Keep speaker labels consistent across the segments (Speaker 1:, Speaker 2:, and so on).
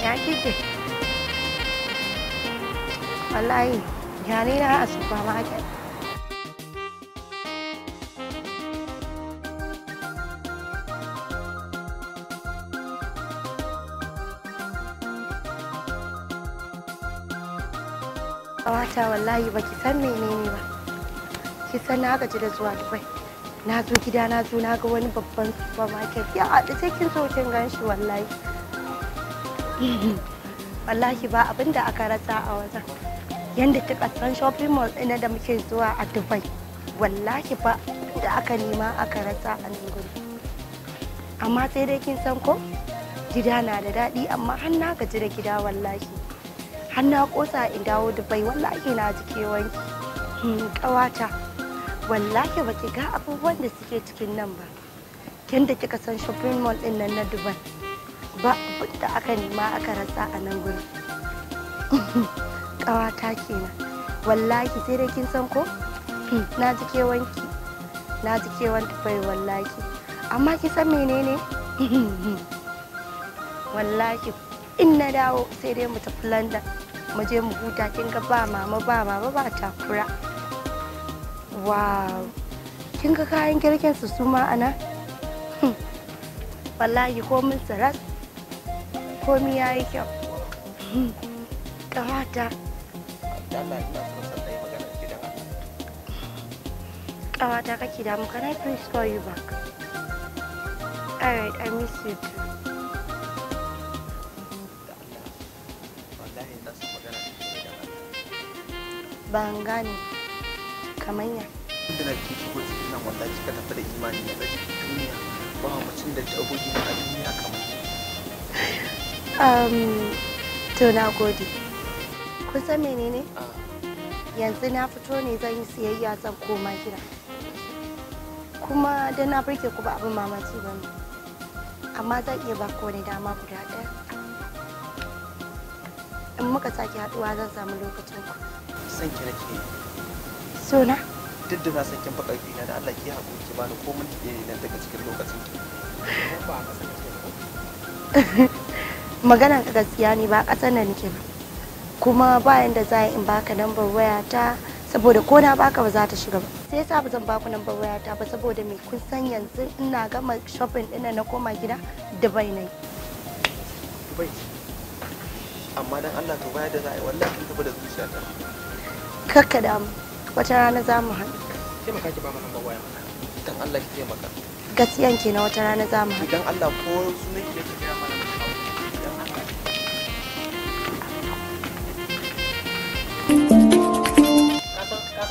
Speaker 1: ya kike wallahi gani na a supermarket Kawata wallahi ki san menene ba. Ki san na gaji da zuwa Dubai. Na zo gida na zo na ga wani babban supermarket ya haɗu cikin kin so kin gan shi wallahi. wallahi ba abin da aka rasa a wajen yadda ta kasan shopping mall ina da muke zuwa a dubai wallahi ba da aka nema aka rasa a nan gudu amma sai dai kin san ko gida na da daɗi amma har na gaji da gida wallahi har na kosa in dawo dubai wallahi na ji kewan hmm, ƙawata wallahi ba ki ga abubuwan da suke cikin nan ba yadda kika san shopping mall din nan na dubai ba da aka nema aka rasa a nan gurin ƙawata kenan wallahi sai dai kin san ko na ji kewanki na ji kewan tufai wallahi amma ki san menene wallahi in na dawo sai dai mu tafi london mu je mu huta kin ga ba mama ba mama ba takura wow kin ga kayan girkin su suma ana wallahi ko mun tsiras komi ya yi kyau ƙawata ƙawata kake damu can i please call you back Alright, i miss you too ban gane kamar ya
Speaker 2: shigo cikin nan kika tafi da imani na duniya ba mutum da ta na duniya kamar
Speaker 1: to na gode kusan menene ah. yanzu na fito ne zan yi siyayya zan koma gida kuma da na burge ku ba abin mamaci ba ne amma zan iya ba ku wani dama guda ɗaya in muka sake haɗuwa zan samu lokacin ku
Speaker 2: san ki nake so na duk da na san kin baka na da Allah ki haƙuri ki bani ko minti ɗaya ne nan daga cikin lokacin ki ba ka san ki
Speaker 1: Maganar ka gaskiya ne ba ƙasar nan nake ba kuma bayan da za in baka lambar waya ta saboda ko na baka ba za ta shiga ba sai yasa ba zan baku lambar waya ta ba saboda me kun san yanzu ina gama shopping ɗin na koma gida dubai bai nai
Speaker 2: amma dan Allah to baya da za a yi wallahi kin tafi da zuciya ta
Speaker 1: kakka da mu wata rana za mu haɗu
Speaker 2: maka ki ba mu lambar waya dan Allah ki taimaka gaskiyan na wata rana za mu haɗu dan Allah ko sunan ki da ki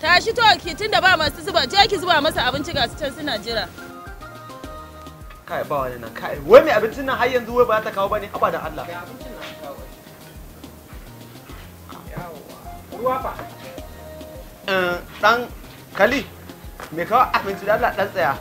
Speaker 1: Tashi to ki tunda ba masu zuba je ki zuba masa abinci ga su can suna jira.
Speaker 2: Kai ba wani nan kai wai mai abincin nan har yanzu wai ba ta kawo bane haba da Allah. abincin nan kawo. Ruwa fa. Eh, dan Kali me kawo abinci da Allah dan tsaya.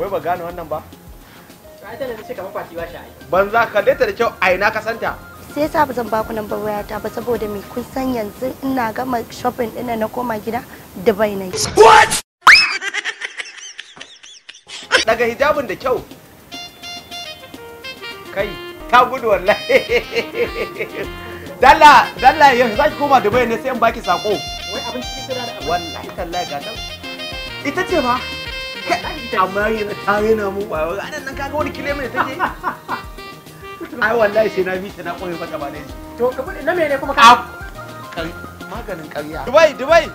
Speaker 2: Wai ba gane wannan ba? Ba ta da kamar ba shi ai. Banza ka leta da kyau aina ka santa. sai yasa ba zan baku
Speaker 1: lambar ta ba saboda me kun san yanzu ina gama shopping din na koma gida da na
Speaker 2: What? Daga hijabin da kyau. Kai, ka gudu wallahi. Dalla, dalla ya za ki koma Dubai ne sai in baki sako. Wai abin kira da Wallahi tallahi ga dan Ita ce ba. Amma yana ta rena mu ba. Anan nan ka ga wani kilomita take. ai wallahi sai na bi ta na koyi mata ba dai to na mene kuma ka maganin ƙarya dubai dubai